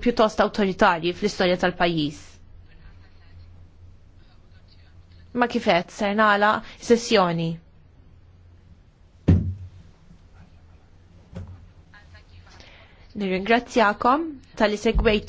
pjuttost autoritarji fl-istorja tal pajis Ma kifet, ser nagħla sessjoni. Nirringrazzjakom tal-li segwejt